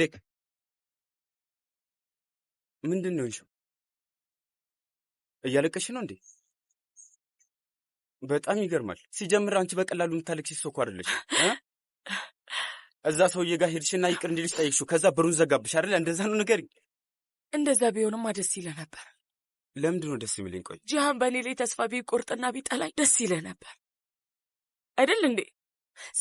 ሌክ ምንድን ነው ይልሽው? እያለቀሽ ነው እንዴ? በጣም ይገርማል። ሲጀምር አንቺ በቀላሉ የምታለቅሽ ሰው እኮ አይደለሽ። እዛ ሰውዬ ጋር ሄድሽና ይቅር እንዲልሽ ጠይቅሽው፣ ከዛ በሩን ዘጋብሽ አይደለ? እንደዛ ነው ንገሪኝ። እንደዛ ቢሆንማ ደስ ይለ ነበር። ለምንድን ነው ደስ የሚለኝ? ቆይ ጂሃን በእኔ ላይ ተስፋ ቢቆርጥና ቢጠላኝ ደስ ይለ ነበር አይደል እንዴ?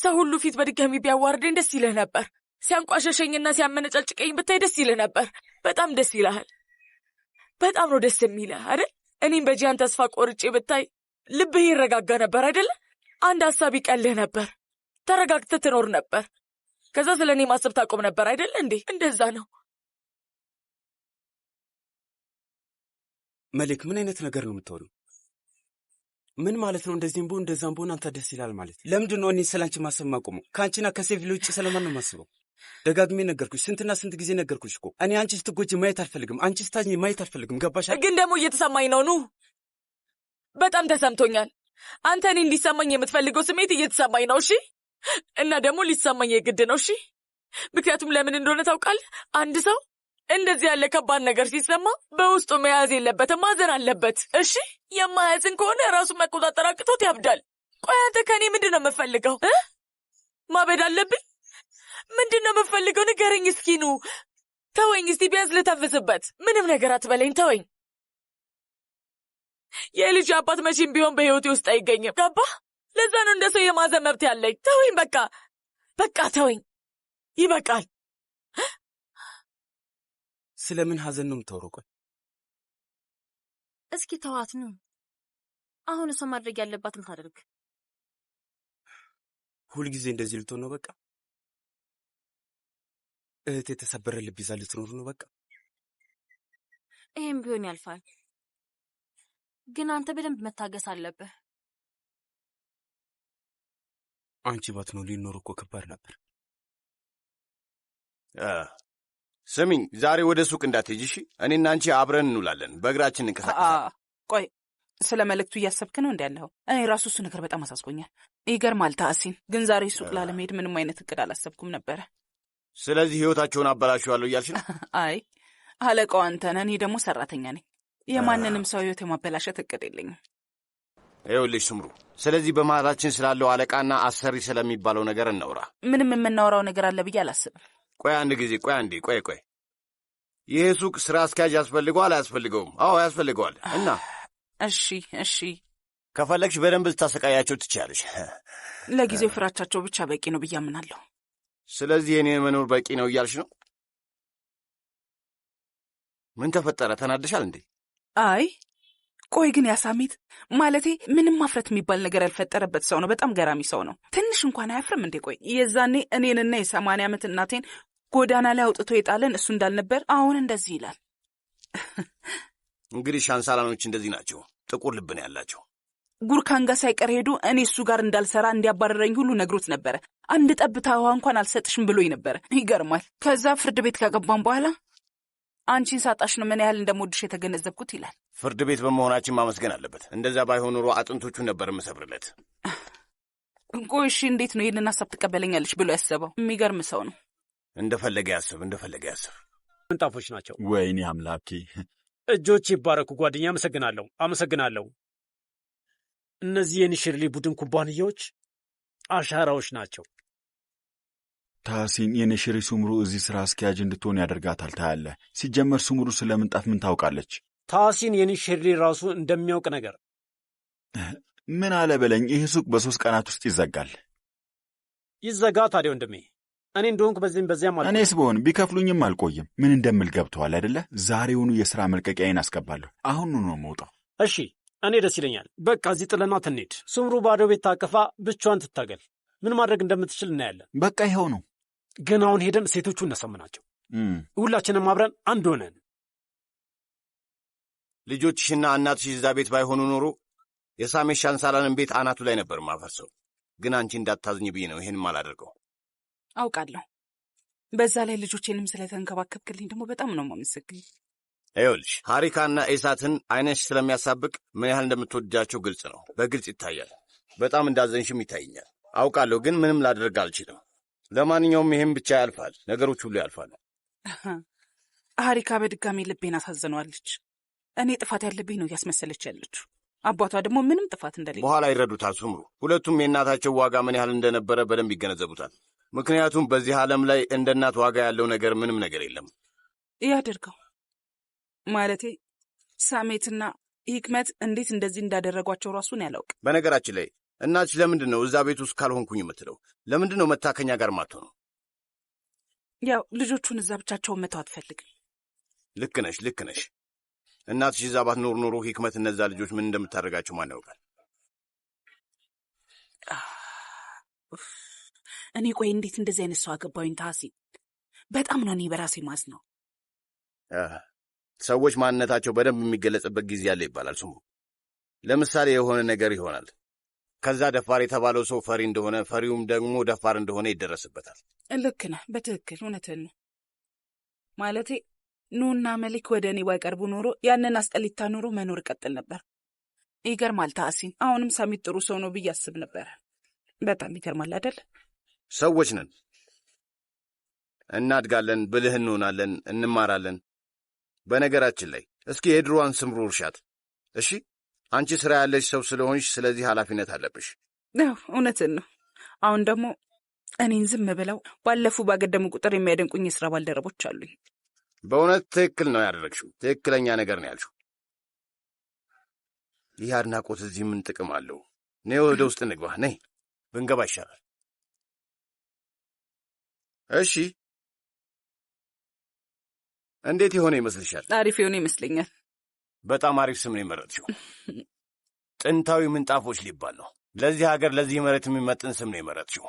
ሰው ሁሉ ፊት በድጋሚ ቢያዋርደኝ ደስ ይለ ነበር። ሲያንቋሸሸኝና ሲያመነጫጭቀኝ ብታይ ደስ ይልህ ነበር። በጣም ደስ ይልሃል። በጣም ነው ደስ የሚልህ አይደል? እኔም በጂያን ተስፋ ቆርጬ ብታይ ልብህ ይረጋጋ ነበር አይደለ? አንድ ሀሳብ ይቀልህ ነበር። ተረጋግተህ ትኖር ነበር። ከዛ ስለ እኔ ማሰብ ታቆም ነበር አይደለ? እንዴ እንደዛ ነው። መሌክ፣ ምን አይነት ነገር ነው የምትሆነው? ምን ማለት ነው? እንደዚህም ቦ እንደዛም ብሆን አንተ ደስ ይላል ማለት ለምንድን ነው? እኔ ስላንቺ ማሰብ ማቆመው? ከአንቺና ከሴቪል ውጭ ስለማን ነው ማስበው? ደጋግሜ ነገርኩሽ። ስንትና ስንት ጊዜ ነገርኩሽ እኮ እኔ አንቺ ስትጎጂ ማየት አልፈልግም። አንቺ ስታኝ ማየት አልፈልግም። ገባሽ? ግን ደግሞ እየተሰማኝ ነው። ኑ በጣም ተሰምቶኛል። አንተ እኔ እንዲሰማኝ የምትፈልገው ስሜት እየተሰማኝ ነው። እሺ እና ደግሞ ሊሰማኝ የግድ ነው። እሺ ምክንያቱም ለምን እንደሆነ ታውቃል አንድ ሰው እንደዚህ ያለ ከባድ ነገር ሲሰማ በውስጡ መያዝ የለበትም፣ ማዘን አለበት። እሺ የማያዝን ከሆነ ራሱን መቆጣጠር አቅቶት ያብዳል። ቆይ አንተ ከእኔ ምንድን ነው የምፈልገው? ማበድ አለብኝ? ምንድን ነው የምፈልገው? ንገረኝ እስኪ ኑ። ተወኝ እስቲ ቢያንስ ልተንፍስበት። ምንም ነገር አትበለኝ፣ ተወኝ። የልጅ አባት መቼም ቢሆን በህይወቴ ውስጥ አይገኝም። ገባህ? ለዛ ነው እንደ ሰው የማዘን መብት ያለኝ። ተወኝ፣ በቃ በቃ፣ ተወኝ፣ ይበቃል። ስለምን ሀዘን ነው የምታወራው? እስኪ ተዋት ነው። አሁን እሷ ማድረግ ያለባትን ታደርግ። ሁልጊዜ እንደዚህ ልትሆን ነው? በቃ እህት የተሰበረ ልብ ይዛ ልትኖር ነው? በቃ ይህም ቢሆን ያልፋል። ግን አንተ በደንብ መታገስ አለብህ። አንቺ ባትኖር ሊኖር እኮ ከባድ ነበር። ስሚኝ፣ ዛሬ ወደ ሱቅ እንዳትሄጂ እሺ? እኔና አንቺ አብረን እንውላለን፣ በእግራችን እንቀሳቀሳለን። ቆይ ስለ መልእክቱ እያሰብክ ነው እንዳለኸው? እኔ ራሱ እሱ ነገር በጣም አሳስቦኛል። ይገርማል ታሲን፣ ግን ዛሬ ሱቅ ላለመሄድ ምንም አይነት እቅድ አላሰብኩም ነበረ። ስለዚህ ህይወታቸውን አበላሽዋለሁ እያልሽ ነው? አይ አለቃው አንተ ነህ፣ እኔ ደግሞ ሰራተኛ ነኝ። የማንንም ሰው ህይወት የማበላሸት እቅድ የለኝም። ይኸውልሽ ስምሩ፣ ስለዚህ በመሃላችን ስላለው አለቃና አሰሪ ስለሚባለው ነገር እናውራ። ምንም የምናወራው ነገር አለ ብዬ አላስብም። ቆይ አንድ ጊዜ ቆይ አንዴ ቆይ ቆይ፣ ይህ ሱቅ ስራ አስኪያጅ ያስፈልገዋል አያስፈልገውም? አዎ ያስፈልገዋል። እና እሺ እሺ፣ ከፈለግሽ በደንብ ልታሰቃያቸው ትችያለሽ። ለጊዜው ፍራቻቸው ብቻ በቂ ነው ብዬ አምናለሁ። ስለዚህ የኔ መኖር በቂ ነው እያልሽ ነው? ምን ተፈጠረ? ተናደሻል እንዴ? አይ ቆይ ግን ያሳሚት ማለቴ ምንም ማፍረት የሚባል ነገር ያልፈጠረበት ሰው ነው። በጣም ገራሚ ሰው ነው። ትንሽ እንኳን አያፍርም እንዴ? ቆይ የዛኔ እኔንና የሰማንያ ዓመት እናቴን ጎዳና ላይ አውጥቶ የጣለን እሱ እንዳልነበር አሁን እንደዚህ ይላል። እንግዲህ ሻንሳላኖች እንደዚህ ናቸው። ጥቁር ልብን ያላቸው ጉርካን ጋር ሳይቀር ሄዱ። እኔ እሱ ጋር እንዳልሰራ እንዲያባረረኝ ሁሉ ነግሮት ነበረ። አንድ ጠብታ ውሃ እንኳን አልሰጥሽም ብሎኝ ነበረ። ይገርማል። ከዛ ፍርድ ቤት ካገባም በኋላ አንቺን ሳጣሽ ነው ምን ያህል እንደምወድሽ የተገነዘብኩት ይላል። ፍርድ ቤት በመሆናችን ማመስገን አለበት። እንደዛ ባይሆን ኑሮ አጥንቶቹን ነበር የምሰብርለት። ቆይ እሺ፣ እንዴት ነው ይህንን ሀሳብ ትቀበለኛለች ብሎ ያሰበው? የሚገርም ሰው ነው። እንደፈለገ ያስብ፣ እንደፈለገ ያስብ። ምንጣፎች ናቸው። ወይኔ አምላኬ፣ እጆች ይባረኩ። ጓደኛ፣ አመሰግናለሁ፣ አመሰግናለሁ። እነዚህ የኒሽርሊ ቡድን ኩባንያዎች አሻራዎች ናቸው። ታሲን የነሽሪ ሱምሩ እዚህ ስራ አስኪያጅ እንድትሆን ያደርጋታል። ታያለ። ሲጀመር ሱምሩ ስለ ምንጣፍ ምን ታውቃለች? ታሲን የኔ ሼርሊ ራሱ እንደሚያውቅ ነገር ምን አለ በለኝ። ይህ ሱቅ በሶስት ቀናት ውስጥ ይዘጋል። ይዘጋ ታዲያ ወንድሜ። እኔ እንደሆንኩ በዚህም በዚያም አለ። እኔስ ብሆን ቢከፍሉኝም አልቆይም። ምን እንደምል ገብተዋል አይደለ? ዛሬውኑ የሥራ መልቀቂያዬን አስገባለሁ። አሁኑ ነው መውጣው። እሺ፣ እኔ ደስ ይለኛል። በቃ እዚህ ጥለናት እንሂድ። ስምሩ ባዶ ቤት ታቅፋ ብቻዋን ትታገል። ምን ማድረግ እንደምትችል እናያለን። በቃ ይኸው ነው። ግን አሁን ሄደን ሴቶቹ እናሳምናቸው። ሁላችንም አብረን አንድ ሆነን ልጆችሽና እናትሽ እዛ ቤት ባይሆኑ ኖሮ የሳሜሽ ሻንሳላንን ቤት አናቱ ላይ ነበር ማፈርሰው። ግን አንቺ እንዳታዝኝ ብዬ ነው ይህን አላደርገው። አውቃለሁ። በዛ ላይ ልጆቼንም ስለተንከባከብክልኝ ደግሞ በጣም ነው ማመሰግኝ። ይኸውልሽ ሐሪካና ኤሳትን አይነሽ ስለሚያሳብቅ ምን ያህል እንደምትወዳቸው ግልጽ ነው፣ በግልጽ ይታያል። በጣም እንዳዘንሽም ይታይኛል። አውቃለሁ፣ ግን ምንም ላደርግ አልችልም። ለማንኛውም ይህም ብቻ ያልፋል፣ ነገሮች ሁሉ ያልፋሉ። ሐሪካ በድጋሚ ልቤን አሳዝነዋለች። እኔ ጥፋት ያለብኝ ነው እያስመሰለች ያለችው። አባቷ ደግሞ ምንም ጥፋት እንደሌለ በኋላ ይረዱታል። ስምሩ ሁለቱም የእናታቸው ዋጋ ምን ያህል እንደነበረ በደንብ ይገነዘቡታል። ምክንያቱም በዚህ ዓለም ላይ እንደ እናት ዋጋ ያለው ነገር ምንም ነገር የለም። ያደርገው ማለቴ ሳሜትና ህክመት እንዴት እንደዚህ እንዳደረጓቸው ራሱን ያላውቅ። በነገራችን ላይ እናትሽ ለምንድን ነው እዛ ቤት ውስጥ ካልሆንኩኝ የምትለው? ለምንድን ነው መታ ከኛ ጋር ማቶ ነው? ያው ልጆቹን እዛ ብቻቸውን መተው አትፈልግም። ልክ ነሽ፣ ልክ ነሽ። እናትሽ እዛ ኖር ኖሮ ሂክመት እነዛ ልጆች ምን እንደምታደርጋቸው ማን ያውቃል? እኔ ቆይ እንዴት እንደዚህ አይነት ሰው አገባኝ? ታሲ በጣም ነው። እኔ በራሴ ማስ ነው። ሰዎች ማንነታቸው በደንብ የሚገለጽበት ጊዜ አለ ይባላል። ስሙ ለምሳሌ የሆነ ነገር ይሆናል። ከዛ ደፋር የተባለው ሰው ፈሪ እንደሆነ፣ ፈሪውም ደግሞ ደፋር እንደሆነ ይደረስበታል። ልክ ነህ። በትክክል እውነትን ነው። ማለቴ ኑና መሊክ ወደ እኔ ባይቀርቡ ኖሮ ያንን አስጠሊታ ኑሮ መኖር ይቀጥል ነበር። ይገርማል ታሲን፣ አሁንም ሳሚት ጥሩ ሰው ነው ብዬ አስብ ነበረ። በጣም ይገርማል አይደል? ሰዎች ነን፣ እናድጋለን፣ ብልህ እንሆናለን፣ እንማራለን። በነገራችን ላይ እስኪ የድሮዋን ስምሩ እርሻት። እሺ፣ አንቺ ስራ ያለሽ ሰው ስለሆንሽ ስለዚህ ኃላፊነት አለብሽ። እውነትን ነው። አሁን ደግሞ እኔን ዝም ብለው ባለፉ ባገደሙ ቁጥር የሚያደንቁኝ የስራ ባልደረቦች አሉኝ። በእውነት ትክክል ነው ያደረግሽው። ትክክለኛ ነገር ነው ያልሽው። ይህ አድናቆት እዚህ ምን ጥቅም አለው? ነይ ወደ ውስጥ እንግባ። ነይ ብንገባ ይሻላል። እሺ፣ እንዴት የሆነ ይመስልሻል? አሪፍ የሆነ ይመስለኛል። በጣም አሪፍ ስም ነው የመረጥሽው። ጥንታዊ ምንጣፎች ሊባል ነው። ለዚህ ሀገር፣ ለዚህ መሬት የሚመጥን ስም ነው የመረጥሽው።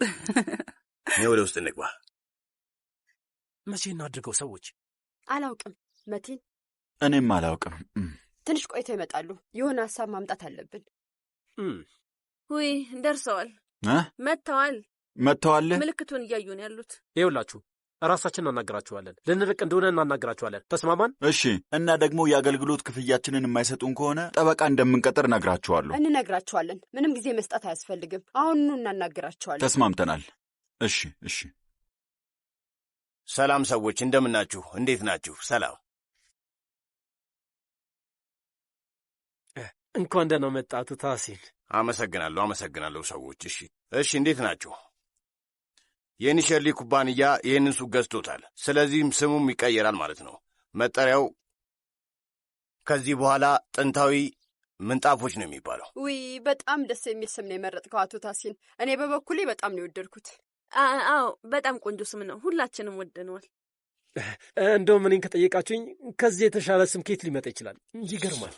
ነይ ወደ ውስጥ እንግባ። መቼ እናድርገው? ሰዎች አላውቅም። መቲን እኔም አላውቅም። ትንሽ ቆይቶ ይመጣሉ። የሆነ ሀሳብ ማምጣት አለብን። ውይ ደርሰዋል፣ መጥተዋል፣ መጥተዋል። ምልክቱን እያዩ ነው ያሉት። ይኸውላችሁ ራሳችን እናናገራችኋለን። ልንርቅ እንደሆነ እናናገራችኋለን። ተስማማን? እሺ። እና ደግሞ የአገልግሎት ክፍያችንን የማይሰጡን ከሆነ ጠበቃ እንደምንቀጥር እነግራችኋለሁ። እንነግራችኋለን። ምንም ጊዜ መስጠት አያስፈልግም። አሁኑ እናናገራችኋለን። ተስማምተናል። እሺ፣ እሺ። ሰላም ሰዎች እንደምናችሁ፣ እንዴት ናችሁ? ሰላም። እንኳን ደህና መጣቱ ታሲን። አመሰግናለሁ፣ አመሰግናለሁ ሰዎች። እሺ፣ እሺ፣ እንዴት ናችሁ? የኒሸርሊ ኩባንያ ይህንን ሱቅ ገዝቶታል። ስለዚህም ስሙም ይቀየራል ማለት ነው። መጠሪያው ከዚህ በኋላ ጥንታዊ ምንጣፎች ነው የሚባለው። ውይ በጣም ደስ የሚል ስም ነው የመረጥከው አቶ ታሲን። እኔ በበኩሌ በጣም ነው የወደድኩት። አዎ በጣም ቆንጆ ስም ነው። ሁላችንም ወደነዋል። እንደው እኔን ከጠየቃችሁኝ ከዚህ የተሻለ ስም ከየት ሊመጣ ይችላል? ይገርማል።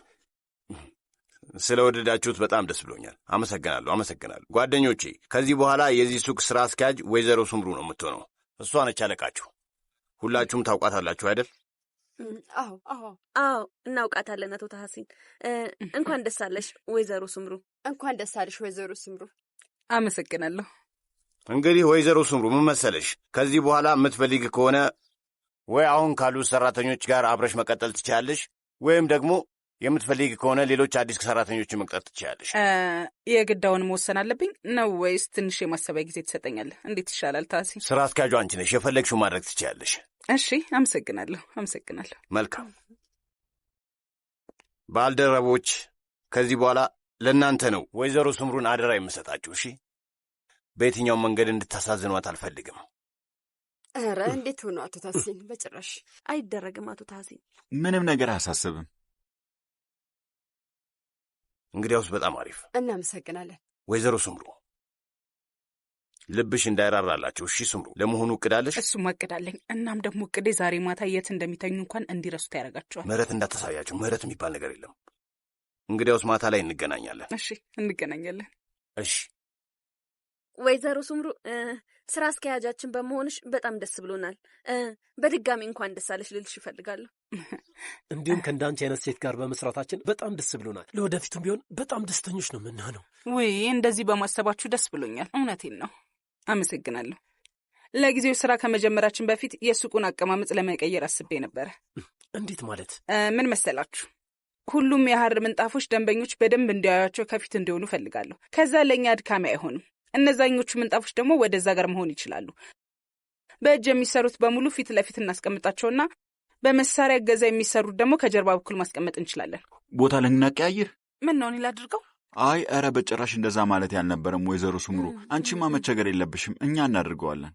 ስለ ወደዳችሁት በጣም ደስ ብሎኛል። አመሰግናለሁ፣ አመሰግናለሁ ጓደኞቼ። ከዚህ በኋላ የዚህ ሱቅ ሥራ አስኪያጅ ወይዘሮ ስምሩ ነው የምትሆነው። እሷ ነች አለቃችሁ። ሁላችሁም ታውቋታላችሁ አይደል? አዎ፣ አዎ እናውቃታለን። አቶ ታሐሲን እንኳን ደስ አለሽ ወይዘሮ ስምሩ። እንኳን ደስ አለሽ ወይዘሮ ስምሩ። አመሰግናለሁ። እንግዲህ ወይዘሮ ስምሩ ምን መሰለሽ፣ ከዚህ በኋላ የምትፈልግ ከሆነ ወይ አሁን ካሉት ሰራተኞች ጋር አብረሽ መቀጠል ትችላለሽ፣ ወይም ደግሞ የምትፈልግ ከሆነ ሌሎች አዲስ ሰራተኞችን መቅጠር ትችላለሽ። የግዳውን መወሰን አለብኝ ነው ወይስ ትንሽ የማሰቢያ ጊዜ ትሰጠኛለህ? እንዴት ይሻላል? ታሲ ስራ አስኪያጁ አንቺ ነሽ፣ የፈለግሽው ማድረግ ትችላለሽ። እሺ፣ አመሰግናለሁ፣ አመሰግናለሁ። መልካም ባልደረቦች፣ ከዚህ በኋላ ለእናንተ ነው ወይዘሮ ስምሩን አደራ የምሰጣችሁ። እሺ በየትኛውም መንገድ እንድታሳዝኗት አልፈልግም። ኧረ እንዴት ሆኖ አቶ ታሲን? በጭራሽ አይደረግም። አቶ ታሲን፣ ምንም ነገር አያሳስብም። እንግዲያውስ በጣም አሪፍ፣ እናመሰግናለን። ወይዘሮ ስምሩ ልብሽ እንዳይራራላቸው። እሺ ስምሩ፣ ለመሆኑ እቅዳለሽ? እሱም አቅዳለኝ እናም ደግሞ እቅዴ ዛሬ ማታ የት እንደሚተኙ እንኳን እንዲረሱት ያደርጋቸዋል። ምህረት እንዳታሳያቸው። ምህረት የሚባል ነገር የለም። እንግዲያውስ ማታ ላይ እንገናኛለን። እሺ፣ እንገናኛለን። እሺ ወይዘሮ ስምሩ ስራ አስኪያጃችን በመሆንሽ በጣም ደስ ብሎናል። በድጋሚ እንኳን ደስ አለሽ ልልሽ ይፈልጋለሁ። እንዲሁም ከእንዳንቺ አይነት ሴት ጋር በመስራታችን በጣም ደስ ብሎናል። ለወደፊቱም ቢሆን በጣም ደስተኞች ነው የምናነው። ውይ እንደዚህ በማሰባችሁ ደስ ብሎኛል። እውነቴን ነው። አመሰግናለሁ። ለጊዜው ስራ ከመጀመራችን በፊት የሱቁን አቀማመጥ ለመቀየር አስቤ ነበረ። እንዴት ማለት? ምን መሰላችሁ ሁሉም የሐር ምንጣፎች ደንበኞች በደንብ እንዲያዩቸው ከፊት እንዲሆኑ እፈልጋለሁ። ከዛ ለእኛ አድካሚ አይሆንም። እነዛኞቹ ምንጣፎች ደግሞ ወደዛ ጋር መሆን ይችላሉ። በእጅ የሚሰሩት በሙሉ ፊት ለፊት እናስቀምጣቸውና በመሳሪያ እገዛ የሚሰሩት ደግሞ ከጀርባ በኩል ማስቀመጥ እንችላለን። ቦታ ልናቀያይር? ምን ነው ኒል ላድርገው? አይ ኧረ በጭራሽ እንደዛ ማለት ያልነበረም ወይዘሮ ስምሩ፣ አንቺማ መቸገር የለብሽም እኛ እናደርገዋለን።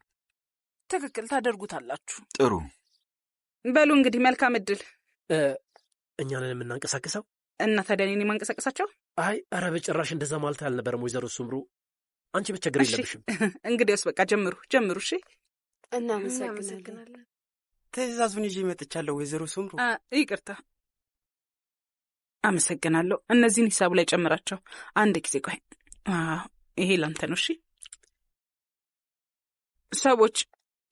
ትክክል ታደርጉታላችሁ። ጥሩ በሉ እንግዲህ መልካም እድል። ነን የምናንቀሳቅሰው እና ታዲያ እኔን የማንቀሳቀሳቸው? አይ ኧረ በጭራሽ እንደዛ ማለት ያልነበረም ወይዘሮ ስምሩ፣ አንቺ መቸገር የለብሽም። እንግዲያውስ በቃ ጀምሩ ጀምሩ። እሺ፣ እናመሰግናለን። ትእዛዙን ይዤ እመጥቻለሁ ወይዘሮ ስምሩ። ይቅርታ፣ አመሰግናለሁ። እነዚህን ሂሳቡ ላይ ጨምራቸው። አንድ ጊዜ ቆይ፣ ይሄ ላንተ ነው። እሺ ሰዎች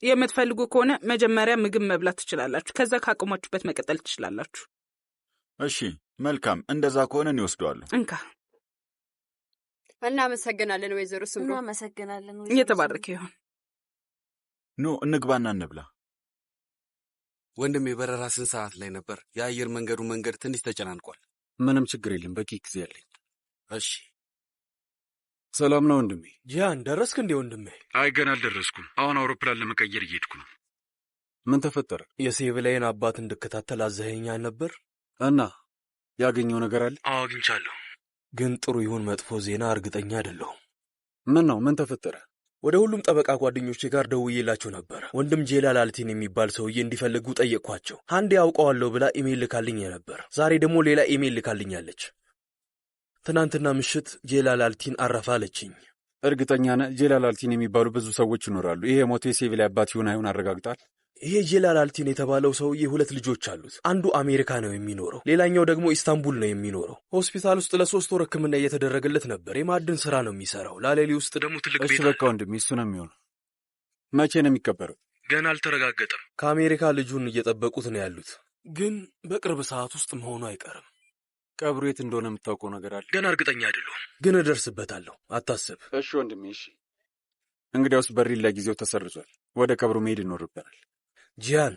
የምትፈልጉ ከሆነ መጀመሪያ ምግብ መብላት ትችላላችሁ። ከዛ ካቆማችሁበት መቀጠል ትችላላችሁ። እሺ፣ መልካም። እንደዛ ከሆነ እኔ ወስደዋለሁ። እንካ እናመሰግናለን ወይዘሮ ስምሩ። እናመሰግናለን። እየተባረከ ይሆን። ኖ እንግባና እንብላ። ወንድም የበረራ ስንት ሰዓት ላይ ነበር? የአየር መንገዱ መንገድ ትንሽ ተጨናንቋል። ምንም ችግር የለም፣ በቂ ጊዜ አለኝ። እሺ፣ ሰላም ነው ወንድሜ። ጂያን ደረስክ እንዴ ወንድሜ? አይ ገና አልደረስኩም። አሁን አውሮፕላን ለመቀየር እየሄድኩ ነው። ምን ተፈጠረ? የሴቪላይን አባት እንድከታተል አዘኸኛል ነበር እና ያገኘው ነገር አለ? አዎ አግኝቻለሁ። ግን ጥሩ ይሁን መጥፎ ዜና እርግጠኛ አይደለሁም። ምን ነው? ምን ተፈጠረ? ወደ ሁሉም ጠበቃ ጓደኞቼ ጋር ደውዬላቸው ነበር። ወንድም ጄላ ላልቲን የሚባል ሰውዬ እንዲፈልጉ ጠየቅኳቸው። አንዴ አውቀዋለሁ ብላ ኢሜይል ልካልኝ ነበር። ዛሬ ደግሞ ሌላ ኢሜይል ልካልኛለች። ትናንትና ምሽት ጄላ ላልቲን አረፋ አለችኝ። እርግጠኛ ነህ ጄላ ላልቲን የሚባሉ ብዙ ሰዎች ይኖራሉ። ይሄ ሞቴ አባት ይሁን አይሁን አረጋግጣል። ይሄ ጄላል አልቲን የተባለው ሰውዬ ሁለት ልጆች አሉት። አንዱ አሜሪካ ነው የሚኖረው፣ ሌላኛው ደግሞ ኢስታንቡል ነው የሚኖረው። ሆስፒታል ውስጥ ለሶስት ወር ሕክምና እየተደረገለት ነበር። የማዕድን ስራ ነው የሚሰራው። ላሌሊ ውስጥ ደግሞ ትልቅ ቤት። በቃ ወንድሜ እሱ ነው የሚሆነው። መቼ ነው የሚቀበረው? ገና አልተረጋገጠም። ከአሜሪካ ልጁን እየጠበቁት ነው ያሉት፣ ግን በቅርብ ሰዓት ውስጥ መሆኑ አይቀርም። ቀብሩ የት እንደሆነ የምታውቀው ነገር አለ? ገና እርግጠኛ አይደለሁም፣ ግን እደርስበታለሁ። አታስብ። እሺ ወንድሜ። እሺ እንግዲያውስ በሪል ለጊዜው ተሰርዟል። ወደ ቀብሩ መሄድ ይኖርብናል። ጂያን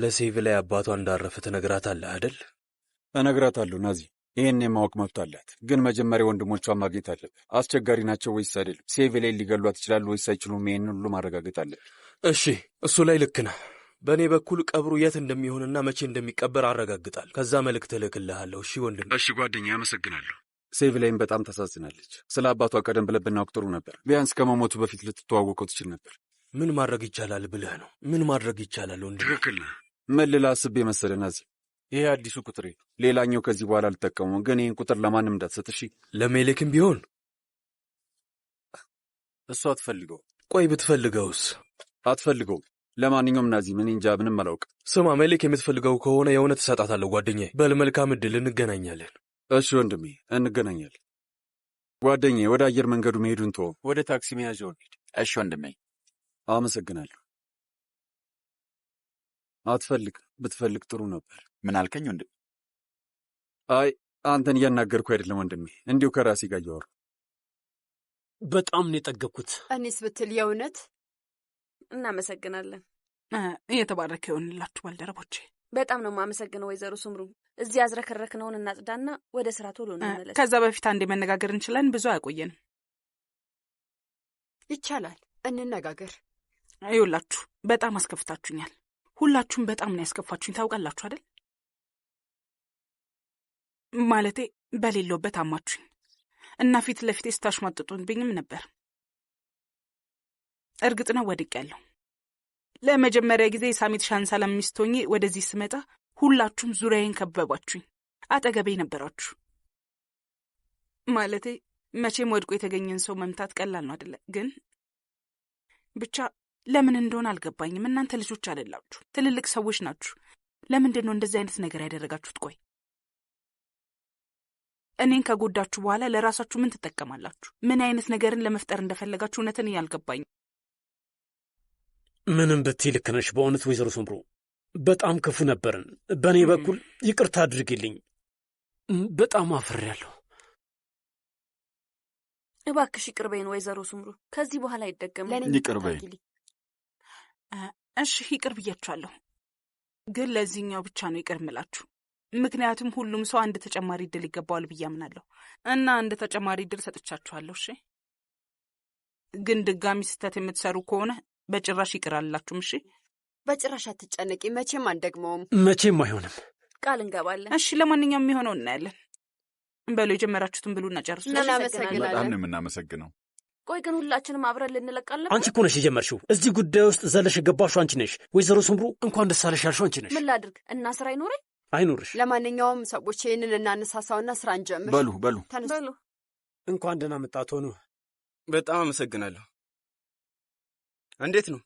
ለሴቪ ላይ አባቷ እንዳረፈ ትነግራታለህ አይደል? እነግራታለሁ ናዚ። ይህን የማወቅ መብት አላት፣ ግን መጀመሪያ ወንድሞቿን ማግኘት አለብህ። አስቸጋሪ ናቸው ወይስ አይደለም? ሴቪ ላይ ሊገሏት ይችላሉ ወይስ አይችሉም? ይህን ሁሉ ማረጋገጥ አለ እሺ፣ እሱ ላይ ልክ ነህ። በእኔ በኩል ቀብሩ የት እንደሚሆንና መቼ እንደሚቀበር አረጋግጣል። ከዛ መልእክት እልክልሃለሁ። እሺ ወንድም። እሺ ጓደኛ፣ አመሰግናለሁ። ሴቪ ላይም በጣም ታሳዝናለች። ስለ አባቷ ቀደም ብለን ብናውቅ ጥሩ ነበር። ቢያንስ ከመሞቱ በፊት ልትተዋወቀው ትችል ነበር። ምን ማድረግ ይቻላል ብለህ ነው? ምን ማድረግ ይቻላል ወንድ? ትክክል መልላ አስቤ መሰለህ ናዚ። ይሄ አዲሱ ቁጥሬ ሌላኛው ከዚህ በኋላ አልጠቀመውም፣ ግን ይህን ቁጥር ለማንም እንዳትሰጥ እሺ? ለሜሌክም ቢሆን እሱ አትፈልገው። ቆይ ብትፈልገውስ? አትፈልገውም። ለማንኛውም ናዚ ምን እንጃ፣ ምንም አላውቅ። ስማ ሜሌክ የምትፈልገው ከሆነ የእውነት እሰጣታለሁ ጓደኛዬ። በል መልካም እድል፣ እንገናኛለን። እሺ ወንድሜ እንገናኛለን። ጓደኛዬ ወደ አየር መንገዱ መሄዱን ተወው፣ ወደ ታክሲ መያዣውን ሄድ። እሺ ወንድሜ አመሰግናለሁ። አትፈልግ። ብትፈልግ ጥሩ ነበር። ምን አልከኝ ወንድሜ? አይ አንተን እያናገርኩ አይደለም ወንድሜ፣ እንዲሁ ከራሴ ጋር እያወሩ። በጣም ነው የጠገብኩት። እኔስ ብትል የእውነት እናመሰግናለን። እየተባረከ ይሆንላችሁ ባልደረቦቼ። በጣም ነው የማመሰግነው ወይዘሮ ስምሩ። እዚህ አዝረክረክነውን እናጽዳና ወደ ስራ ቶሎ እንመለስ። ከዛ በፊት አንዴ መነጋገር እንችላለን። ብዙ አያቆየንም። ይቻላል፣ እንነጋገር ይኸውላችሁ በጣም አስከፍታችሁኛል። ሁላችሁም በጣም ነው ያስከፋችሁኝ። ታውቃላችሁ አይደል? ማለቴ በሌለውበት አማችሁኝ እና ፊት ለፊቴ ስታሽማጥጡብኝም ነበር። እርግጥ ነው ወድቄያለሁ። ለመጀመሪያ ጊዜ የሳሚት ሻንሳላም ሚስት ሆኜ ወደዚህ ስመጣ ሁላችሁም ዙሪያዬን ከበባችሁኝ፣ አጠገቤ ነበራችሁ። ማለቴ መቼም ወድቆ የተገኘን ሰው መምታት ቀላል ነው አይደለ? ግን ብቻ ለምን እንደሆነ አልገባኝም። እናንተ ልጆች አይደላችሁ፣ ትልልቅ ሰዎች ናችሁ። ለምንድን ነው እንደዚህ አይነት ነገር ያደረጋችሁት? ቆይ እኔን ከጎዳችሁ በኋላ ለራሳችሁ ምን ትጠቀማላችሁ? ምን አይነት ነገርን ለመፍጠር እንደፈለጋችሁ እውነትን እያልገባኝ። ምንም ብትይ ልክ ነሽ በእውነት ወይዘሮ ሶምሮ፣ በጣም ክፉ ነበርን። በእኔ በኩል ይቅርታ አድርግልኝ፣ በጣም አፍሬያለሁ። እባክሽ ይቅርበይን ወይዘሮ ሱምሩ፣ ከዚህ በኋላ አይደገም። እሺ ይቅር ብያችኋለሁ፣ ግን ለዚህኛው ብቻ ነው ይቅር ምላችሁ። ምክንያቱም ሁሉም ሰው አንድ ተጨማሪ እድል ይገባዋል ብዬ አምናለሁ እና አንድ ተጨማሪ እድል ሰጥቻችኋለሁ። እሺ፣ ግን ድጋሚ ስህተት የምትሰሩ ከሆነ በጭራሽ ይቅር አላችሁም። እሺ፣ በጭራሽ አትጨነቂ፣ መቼም አንደግመውም፣ መቼም አይሆንም፣ ቃል እንገባለን። እሺ፣ ለማንኛውም የሚሆነው እናያለን። በሉ የጀመራችሁትን ብሉና ጨርሱ። በጣም ነው የምናመሰግነው። ቆይ ግን ሁላችንም አብረን ልንለቃለን? አንቺ እኮ ነሽ የጀመርሽው። እዚህ ጉዳይ ውስጥ ዘለሽ የገባሽው አንቺ ነሽ። ወይዘሮ ስምሩ እንኳን ደስ አለሽ ያልሽው አንቺ ነሽ። ምን ላድርግ እና ስራ አይኖረኝ አይኖርሽ። ለማንኛውም ሰዎች ይህንን እናነሳሳውና ስራ እንጀምር። በሉ በሉ በሉ። እንኳን ደህና መጣት ሆኑ። በጣም አመሰግናለሁ። እንዴት ነው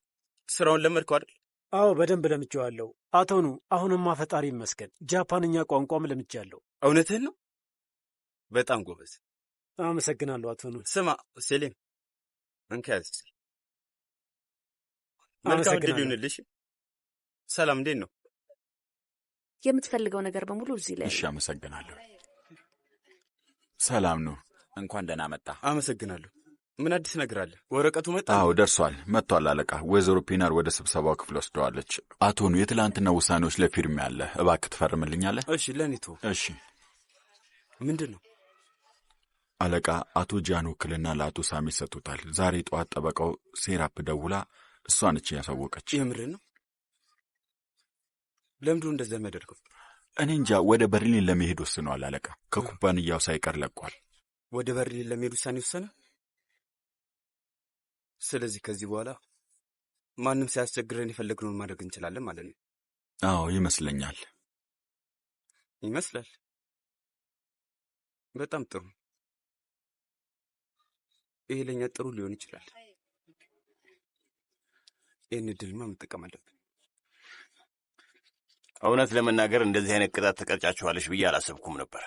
ስራውን ለመድከው አይደል? አዎ በደንብ ለምጄዋለሁ። አቶኑ አሁንማ ፈጣሪ ይመስገን ጃፓንኛ ቋንቋም ለምጃለሁ። እውነትህን ነው። በጣም ጎበዝ። አመሰግናለሁ አቶኑ። ስማ ሴሌም እንካ መልካም ይሁንልሽ። ሰላም፣ እንዴት ነው? የምትፈልገው ነገር በሙሉ እዚህ ላይ። እሺ፣ አመሰግናለሁ። ሰላም ነው። እንኳን ደህና መጣ። አመሰግናለሁ። ምን አዲስ ነገር አለ? ወረቀቱ መጣ? አዎ ደርሷል፣ መጥቷል አለቃ። ወይዘሮ ፒናር ወደ ስብሰባው ክፍል ወስደዋለች። ኑ የትላንትና ውሳኔዎች ለፊርም ያለ እባክህ ትፈርምልኛለህ? እሺ፣ ለኔቶ። እሺ። ምንድን ነው አለቃ አቶ ጃን ውክልና ለአቶ ሳሚ ሰጥቶታል። ዛሬ ጠዋት ጠበቃው ሴራፕ ደውላ እሷ ነች ያሳወቀች። የምሬን ነው። ለምዱ እንደዛ የሚያደርገው እኔ እንጃ። ወደ በርሊን ለመሄድ ወስነዋል። አለቃ ከኩባንያው ሳይቀር ለቋል። ወደ በርሊን ለመሄድ ውሳኔ ወሰነ። ስለዚህ ከዚህ በኋላ ማንም ሳያስቸግረን የፈለግነውን ማድረግ እንችላለን ማለት ነው። አዎ ይመስለኛል። ይመስላል። በጣም ጥሩ ይሄ ለእኛ ጥሩ ሊሆን ይችላል። ይህን እድልማ መጠቀም አለብን። እውነት ለመናገር እንደዚህ አይነት ቅጣት ተቀጫችኋለች ብዬ አላሰብኩም ነበር።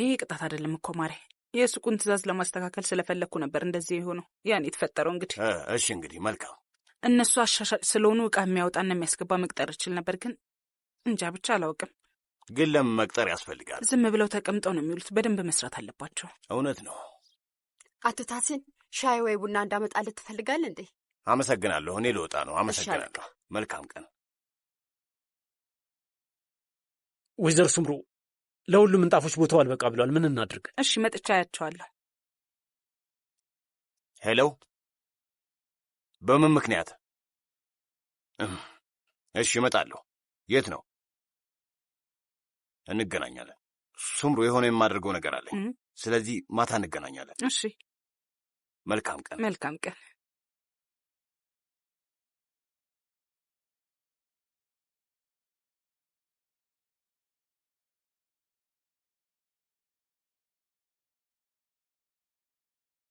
ይሄ ቅጣት አይደለም እኮ ማሬ፣ የሱቁን ትዕዛዝ ለማስተካከል ስለፈለግኩ ነበር እንደዚህ የሆነው። ያን የተፈጠረው እንግዲህ። እሺ እንግዲህ መልካም። እነሱ አሻሻጭ ስለሆኑ የሚያወጣ የሚያወጣና የሚያስገባ መቅጠር እችል ነበር፣ ግን እንጃ ብቻ አላውቅም። ግን ለምን መቅጠር ያስፈልጋል? ዝም ብለው ተቀምጠው ነው የሚውሉት። በደንብ መስራት አለባቸው። እውነት ነው። አቶ ሻይ ወይ ቡና እንዳመጣልህ ትፈልጋል እንዴ? አመሰግናለሁ። እኔ ልወጣ ነው። አመሰግናለሁ። መልካም ቀን። ወይዘር ስምሩ ለሁሉም ምንጣፎች ቦታው አልበቃ ብሏል። ምን እናድርግ? እሺ መጥቻ ያቸዋለሁ። ሄሎ፣ በምን ምክንያት? እሺ እመጣለሁ። የት ነው? እንገናኛለን። ስምሩ፣ የሆነ የማደርገው ነገር አለኝ። ስለዚህ ማታ እንገናኛለን። እሺ። መልካም ቀን። መልካም ቀን።